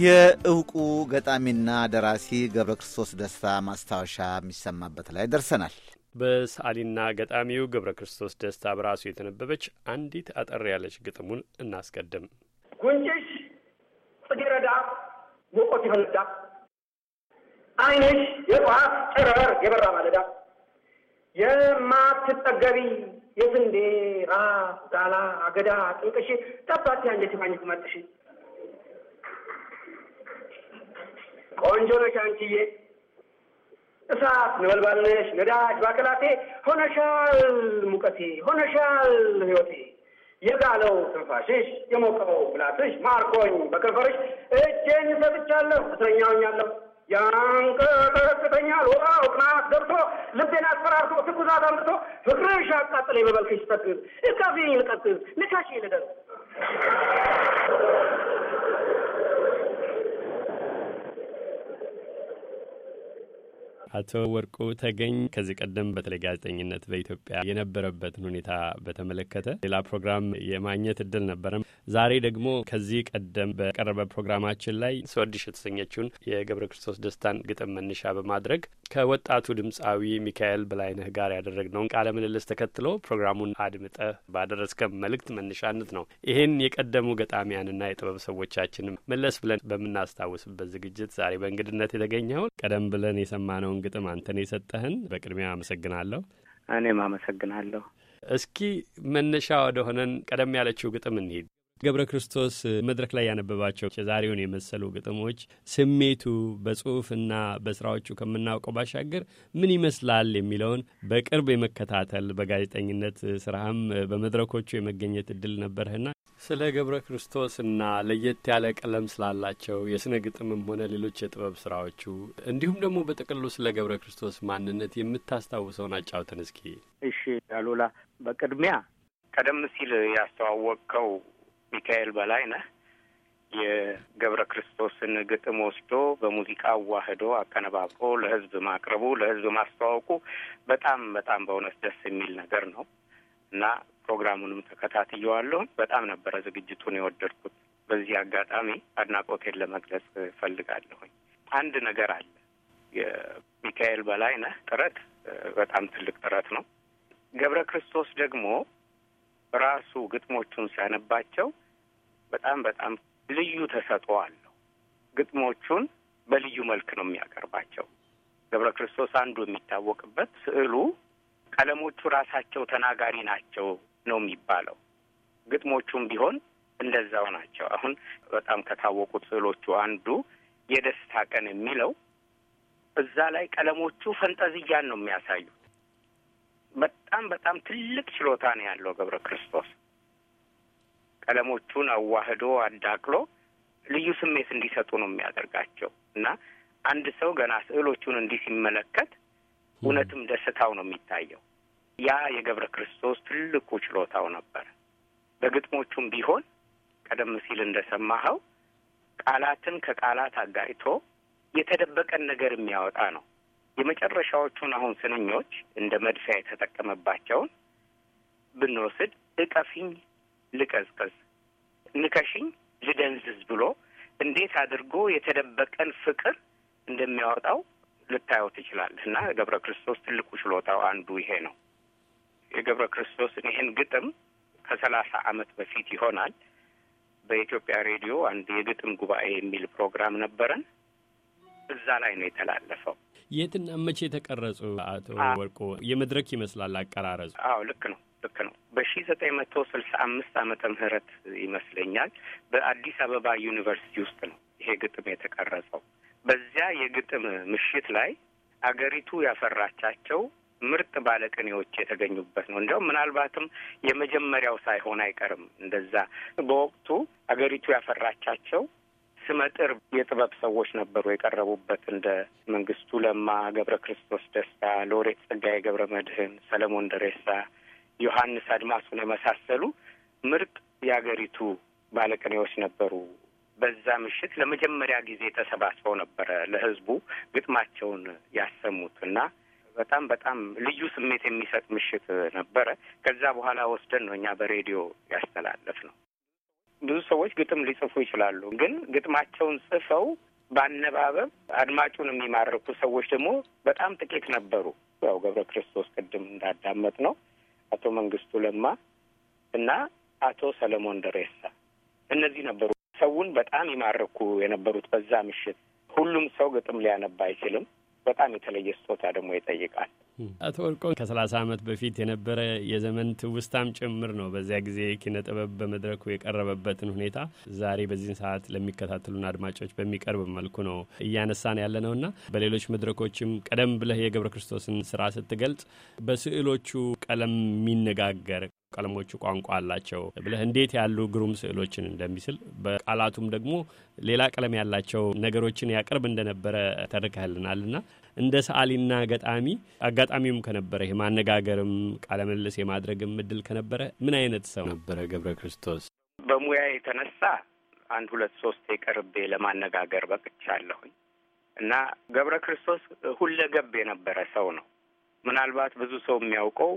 የእውቁ ገጣሚና ደራሲ ገብረ ክርስቶስ ደስታ ማስታወሻ የሚሰማበት ላይ ደርሰናል። በሰዓሊና ገጣሚው ገብረ ክርስቶስ ደስታ በራሱ የተነበበች አንዲት አጠር ያለች ግጥሙን እናስቀድም። ጉንጭሽ ጽጌረዳ ሙቆት ይፈነዳ፣ ዓይንሽ የጧፍ ጨረር የበራ ማለዳ፣ የማትጠገቢ የስንዴ ራስ ዛላ አገዳ ጥንቅሽ፣ ጠባት አንጀት ማኝት መጥሽ ቆንጆ ነሽ አንቺዬ፣ እሳት ነበልባል ነሽ፣ ነዳጅ ባቅላቴ ሆነሻል፣ ሙቀቴ ሆነሻል ህይወቴ የጋለው ትንፋሽሽ የሞቀው ብላትሽ ማርኮኝ በከንፈርሽ እጄን ሰጥቻለሁ እስረኛውኛለሁ ያንቀጠቅጠኛል ወጣው ቅናት ገብቶ ልቤን አስፈራርቶ ትኩሳት አምጥቶ ፍቅርሽ አቃጥለኝ በመልክሽ ጠቅዝ እካፌ ልቀጥዝ ልካሽ ልደር አቶ ወርቁ ተገኝ ከዚህ ቀደም በተለይ ጋዜጠኝነት በኢትዮጵያ የነበረበትን ሁኔታ በተመለከተ ሌላ ፕሮግራም የማግኘት እድል ነበረም። ዛሬ ደግሞ ከዚህ ቀደም በቀረበ ፕሮግራማችን ላይ ስወድሽ የተሰኘችውን የገብረ ክርስቶስ ደስታን ግጥም መነሻ በማድረግ ከወጣቱ ድምፃዊ ሚካኤል በላይነህ ጋር ያደረግነውን ቃለ ምልልስ ተከትሎ ፕሮግራሙን አድምጠህ ባደረስከ መልእክት መነሻነት ነው ይህን የቀደሙ ገጣሚያንና የጥበብ ሰዎቻችን መለስ ብለን በምናስታውስበት ዝግጅት ዛሬ በእንግድነት የተገኘው ቀደም ብለን የሰማነውን ግጥም አንተን የሰጠህን በቅድሚያ አመሰግናለሁ። እኔም አመሰግናለሁ። እስኪ መነሻ ወደሆነን ቀደም ያለችው ግጥም እንሂድ። ገብረ ክርስቶስ መድረክ ላይ ያነበባቸው የዛሬውን የመሰሉ ግጥሞች ስሜቱ በጽሁፍና በስራዎቹ ከምናውቀው ባሻገር ምን ይመስላል የሚለውን በቅርብ የመከታተል በጋዜጠኝነት ስራህም በመድረኮቹ የመገኘት እድል ነበርህና ስለ ገብረ ክርስቶስና ለየት ያለ ቀለም ስላላቸው የስነ ግጥምም ሆነ ሌሎች የጥበብ ስራዎቹ እንዲሁም ደግሞ በጥቅሉ ስለ ገብረ ክርስቶስ ማንነት የምታስታውሰውን አጫውተን እስኪ። እሺ አሉላ፣ በቅድሚያ ቀደም ሲል ያስተዋወቅከው ሚካኤል በላይ ነህ የገብረ ክርስቶስን ግጥም ወስዶ በሙዚቃ አዋህዶ አቀነባብሮ ለህዝብ ማቅረቡ ለህዝብ ማስተዋወቁ በጣም በጣም በእውነት ደስ የሚል ነገር ነው እና ፕሮግራሙንም ተከታትየዋለሁ። በጣም ነበረ ዝግጅቱን የወደድኩት። በዚህ አጋጣሚ አድናቆቴን ለመግለጽ እፈልጋለሁኝ። አንድ ነገር አለ። የሚካኤል በላይነህ ጥረት በጣም ትልቅ ጥረት ነው። ገብረ ክርስቶስ ደግሞ ራሱ ግጥሞቹን ሲያነባቸው በጣም በጣም ልዩ ተሰጥኦ አለው። ግጥሞቹን በልዩ መልክ ነው የሚያቀርባቸው። ገብረ ክርስቶስ አንዱ የሚታወቅበት ስዕሉ ቀለሞቹ ራሳቸው ተናጋሪ ናቸው ነው የሚባለው። ግጥሞቹም ቢሆን እንደዛው ናቸው። አሁን በጣም ከታወቁት ስዕሎቹ አንዱ የደስታ ቀን የሚለው እዛ ላይ ቀለሞቹ ፈንጠዝያን ነው የሚያሳዩት። በጣም በጣም ትልቅ ችሎታ ነው ያለው ገብረ ክርስቶስ። ቀለሞቹን አዋህዶ አዳቅሎ ልዩ ስሜት እንዲሰጡ ነው የሚያደርጋቸው እና አንድ ሰው ገና ስዕሎቹን እንዲህ ሲመለከት እውነትም ደስታው ነው የሚታየው። ያ የገብረ ክርስቶስ ትልቁ ችሎታው ነበር። በግጥሞቹም ቢሆን ቀደም ሲል እንደሰማኸው ቃላትን ከቃላት አጋጭቶ የተደበቀን ነገር የሚያወጣ ነው። የመጨረሻዎቹን አሁን ስንኞች እንደ መድፊያ የተጠቀመባቸውን ብንወስድ እቀፊኝ፣ ልቀዝቅዝ፣ ንከሽኝ፣ ልደንዝዝ ብሎ እንዴት አድርጎ የተደበቀን ፍቅር እንደሚያወጣው ልታየው ትችላለህ። እና ገብረ ክርስቶስ ትልቁ ችሎታው አንዱ ይሄ ነው። የገብረ ክርስቶስን ይህን ግጥም ከሰላሳ አመት በፊት ይሆናል በኢትዮጵያ ሬዲዮ አንድ የግጥም ጉባኤ የሚል ፕሮግራም ነበረን። እዛ ላይ ነው የተላለፈው። የትና መቼ ተቀረጹ? አቶ ወርቆ የመድረክ ይመስላል አቀራረጹ። አዎ ልክ ነው ልክ ነው። በሺ ዘጠኝ መቶ ስልሳ አምስት አመተ ምህረት ይመስለኛል በአዲስ አበባ ዩኒቨርሲቲ ውስጥ ነው ይሄ ግጥም የተቀረጸው። በዚያ የግጥም ምሽት ላይ አገሪቱ ያፈራቻቸው ምርጥ ባለቅኔዎች የተገኙበት ነው። እንዲያውም ምናልባትም የመጀመሪያው ሳይሆን አይቀርም እንደዛ በወቅቱ አገሪቱ ያፈራቻቸው ስመጥር የጥበብ ሰዎች ነበሩ የቀረቡበት እንደ መንግስቱ ለማ፣ ገብረ ክርስቶስ ደስታ፣ ሎሬት ጸጋዬ ገብረ መድህን፣ ሰለሞን ደሬሳ፣ ዮሐንስ አድማሱን የመሳሰሉ ምርጥ የአገሪቱ ባለቅኔዎች ነበሩ። በዛ ምሽት ለመጀመሪያ ጊዜ ተሰባስበው ነበረ ለህዝቡ ግጥማቸውን ያሰሙት እና በጣም በጣም ልዩ ስሜት የሚሰጥ ምሽት ነበረ። ከዛ በኋላ ወስደን ነው እኛ በሬዲዮ ያስተላለፍ ነው። ብዙ ሰዎች ግጥም ሊጽፉ ይችላሉ። ግን ግጥማቸውን ጽፈው በአነባበብ አድማጩን የሚማርኩ ሰዎች ደግሞ በጣም ጥቂት ነበሩ። ያው ገብረ ክርስቶስ ቅድም እንዳዳመጥ ነው አቶ መንግስቱ ለማ እና አቶ ሰለሞን ደሬሳ እነዚህ ነበሩ ሰውን በጣም ይማርኩ የነበሩት በዛ ምሽት። ሁሉም ሰው ግጥም ሊያነባ አይችልም። በጣም የተለየ ስጦታ ደግሞ ይጠይቃል። አቶ ወርቆ ከሰላሳ ዓመት በፊት የነበረ የዘመን ትውስታም ጭምር ነው። በዚያ ጊዜ ኪነ ጥበብ በመድረኩ የቀረበበትን ሁኔታ ዛሬ በዚህን ሰዓት ለሚከታተሉን አድማጮች በሚቀርብ መልኩ ነው እያነሳን ያለ ነውና በሌሎች መድረኮችም ቀደም ብለህ የገብረ ክርስቶስን ስራ ስትገልጽ በስዕሎቹ ቀለም የሚነጋገር ቀለሞቹ ቋንቋ አላቸው ብለህ እንዴት ያሉ ግሩም ስዕሎችን እንደሚስል በቃላቱም ደግሞ ሌላ ቀለም ያላቸው ነገሮችን ያቀርብ እንደነበረ ተርከህልናል እና እንደ ሰዓሊና ገጣሚ አጋጣሚውም ከነበረ የማነጋገርም ቃለምልስ የማድረግም እድል ከነበረ ምን አይነት ሰው ነበረ ገብረ ክርስቶስ? በሙያ የተነሳ አንድ ሁለት ሶስት የቀርቤ ለማነጋገር በቅቻለሁኝ እና ገብረ ክርስቶስ ሁለገብ የነበረ ሰው ነው። ምናልባት ብዙ ሰው የሚያውቀው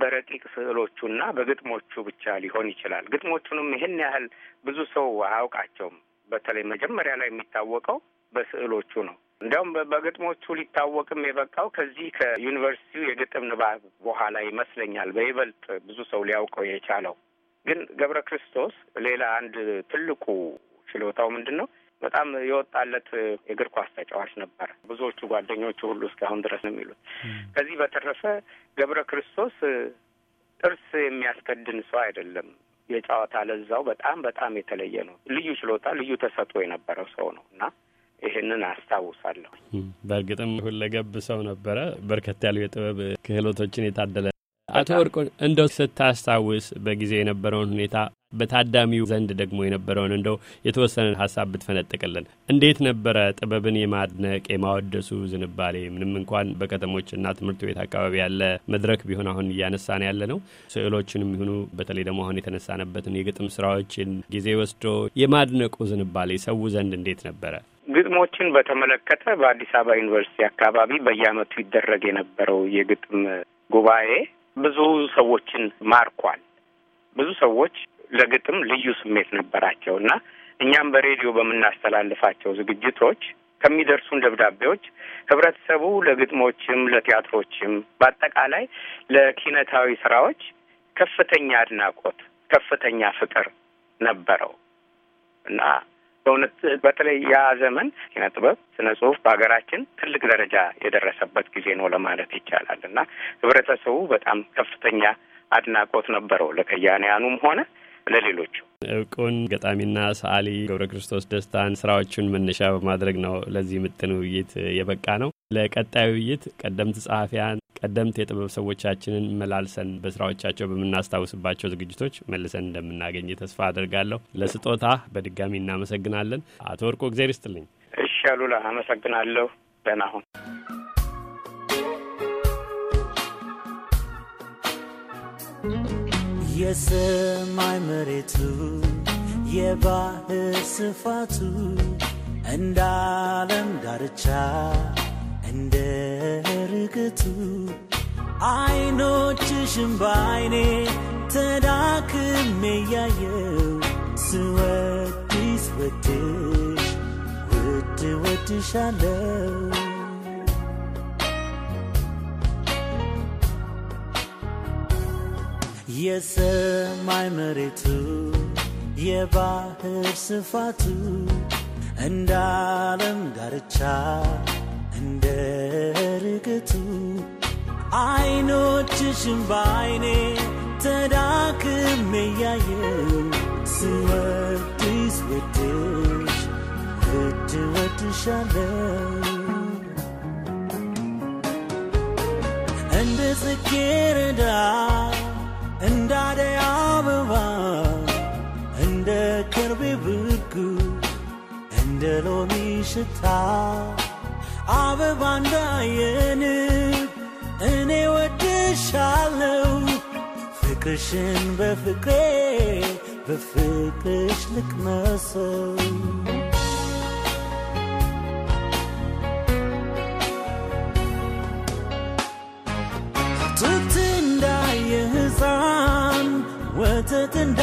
በረቂቅ ስዕሎቹና በግጥሞቹ ብቻ ሊሆን ይችላል። ግጥሞቹንም ይህን ያህል ብዙ ሰው አያውቃቸውም። በተለይ መጀመሪያ ላይ የሚታወቀው በስዕሎቹ ነው። እንዲያውም በግጥሞቹ ሊታወቅም የበቃው ከዚህ ከዩኒቨርሲቲው የግጥም ንባብ በኋላ ይመስለኛል በይበልጥ ብዙ ሰው ሊያውቀው የቻለው። ግን ገብረ ክርስቶስ ሌላ አንድ ትልቁ ችሎታው ምንድን ነው? በጣም የወጣለት የእግር ኳስ ተጫዋች ነበረ። ብዙዎቹ ጓደኞቹ ሁሉ እስካሁን ድረስ ነው የሚሉት። ከዚህ በተረፈ ገብረ ክርስቶስ ጥርስ የሚያስከድን ሰው አይደለም። የጨዋታ ለዛው በጣም በጣም የተለየ ነው። ልዩ ችሎታ፣ ልዩ ተሰጥኦ የነበረው ሰው ነው እና ይህንን አስታውሳለሁ። በእርግጥም ሁለገብ ሰው ነበረ። በርከት ያሉ የጥበብ ክህሎቶችን የታደለ አቶ ወርቆ እንደው ስታስታውስ በጊዜ የነበረውን ሁኔታ በታዳሚው ዘንድ ደግሞ የነበረውን እንደው የተወሰነ ሀሳብ ብትፈነጥቅልን። እንዴት ነበረ ጥበብን የማድነቅ የማወደሱ ዝንባሌ? ምንም እንኳን በከተሞችና ትምህርት ቤት አካባቢ ያለ መድረክ ቢሆን አሁን እያነሳን ያለ ነው። ስዕሎችንም ይሁኑ በተለይ ደግሞ አሁን የተነሳነበትን የግጥም ስራዎችን ጊዜ ወስዶ የማድነቁ ዝንባሌ ሰው ዘንድ እንዴት ነበረ? ግጥሞችን በተመለከተ በአዲስ አበባ ዩኒቨርሲቲ አካባቢ በየአመቱ ይደረግ የነበረው የግጥም ጉባኤ ብዙ ሰዎችን ማርኳል። ብዙ ሰዎች ለግጥም ልዩ ስሜት ነበራቸው እና እኛም በሬዲዮ በምናስተላልፋቸው ዝግጅቶች ከሚደርሱን ደብዳቤዎች ህብረተሰቡ ለግጥሞችም፣ ለቲያትሮችም በአጠቃላይ ለኪነታዊ ስራዎች ከፍተኛ አድናቆት፣ ከፍተኛ ፍቅር ነበረው እና በእውነት በተለይ ያ ዘመን ኪነ ጥበብ፣ ስነ ጽሁፍ በሀገራችን ትልቅ ደረጃ የደረሰበት ጊዜ ነው ለማለት ይቻላል እና ህብረተሰቡ በጣም ከፍተኛ አድናቆት ነበረው ለከያንያኑም ሆነ ለሌሎቹ። እውቁን ገጣሚና ሰዓሊ ገብረ ክርስቶስ ደስታን ስራዎቹን መነሻ በማድረግ ነው ለዚህ ምጥን ውይይት የበቃ ነው። ለቀጣይ ውይይት ቀደምት ጸሐፊያን ቀደምት የጥበብ ሰዎቻችንን መላልሰን በስራዎቻቸው በምናስታውስባቸው ዝግጅቶች መልሰን እንደምናገኝ ተስፋ አድርጋለሁ። ለስጦታ በድጋሚ እናመሰግናለን አቶ ወርቆ፣ እግዜር ይስጥልኝ። እሺ አሉላ፣ አመሰግናለሁ። ደህና ሁን። የሰማይ መሬቱ የባህር ስፋቱ እንዳለም ዳርቻ እንደ ርግቱ አይኖችሽም በአይኔ ተዳክሜ ያየው ወድሽ ውድ ወድሻለው የሰማይ መሬቱ የባህር ስፋቱ እንዳለም ዳርቻ እንደ ርግቱ አይኖችሽም ባይኔ ተዳክም እያየው ስወድስ ወድሽ ወድ ወድሻለው እንደ ጽጌረዳ እንደ አበባ እንደ ከርቤ ብጉ እንደ ሎሚ ሽታ አበባ እንዳየን እኔ ወድሻለው ፍቅርሽን በፍቅሬ በፍቅርሽ ልቅመሰው ጡት እንዳየ ሕፃን ወተት እንዳ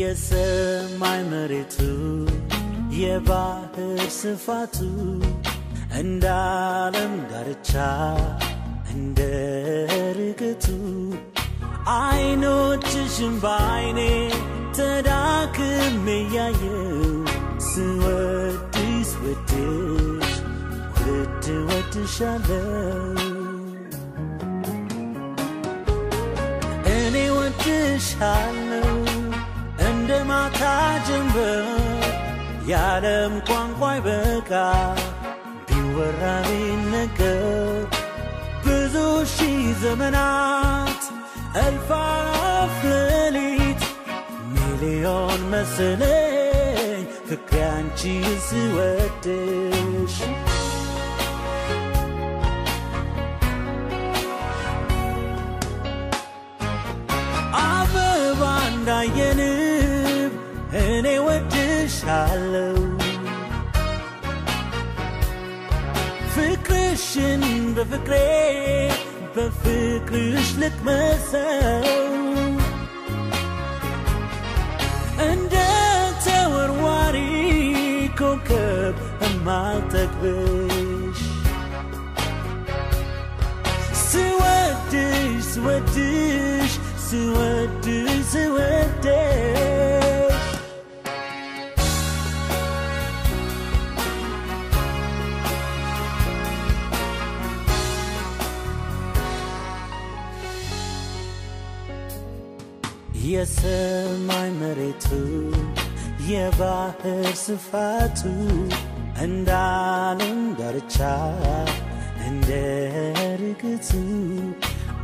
የሰማይ መሬቱ የባህር ስፋቱ እንደ ዓለም ዳርቻ እንደ ርግቱ አይኖችሽን በአይኔ ተዳክም እያየው ስወድስ ወድሽ ውድ ወድሻለው እኔ ወድሻለ ጀንበር የዓለም ቋንቋ ይበቃ ቢወራ ቢነገር ብዙ ሺህ ዘመናት እልፍ አላፍ ሌሊት ሚሊዮን መስለኝ ፍቅሬ አንቺን ስወድሽ العالم فكرش بفكري بفكرش لك مساو انت ورواري كوكب ما تكبش سودش سودش سودش سودش የሰማይ መሬቱ የባህር ስፋቱ እንደ ዓለም ዳርቻ እንደ ርግቱ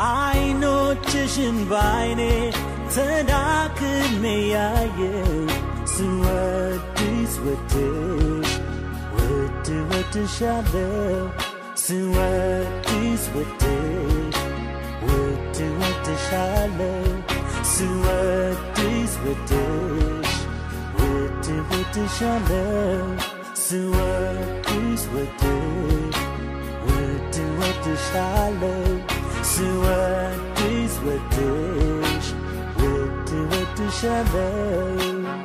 አይኖችሽን ባይኔ ተዳክሜ ያየው ስወድሽ ወድሽ ውድ ወድሻለው ስወድሽ ወድሽ ውድ ወድሻለው Suertes vedesh, vete vete shalem. Suertes vedesh, vete vete shalem. Suertes vedesh, vete vete shalem.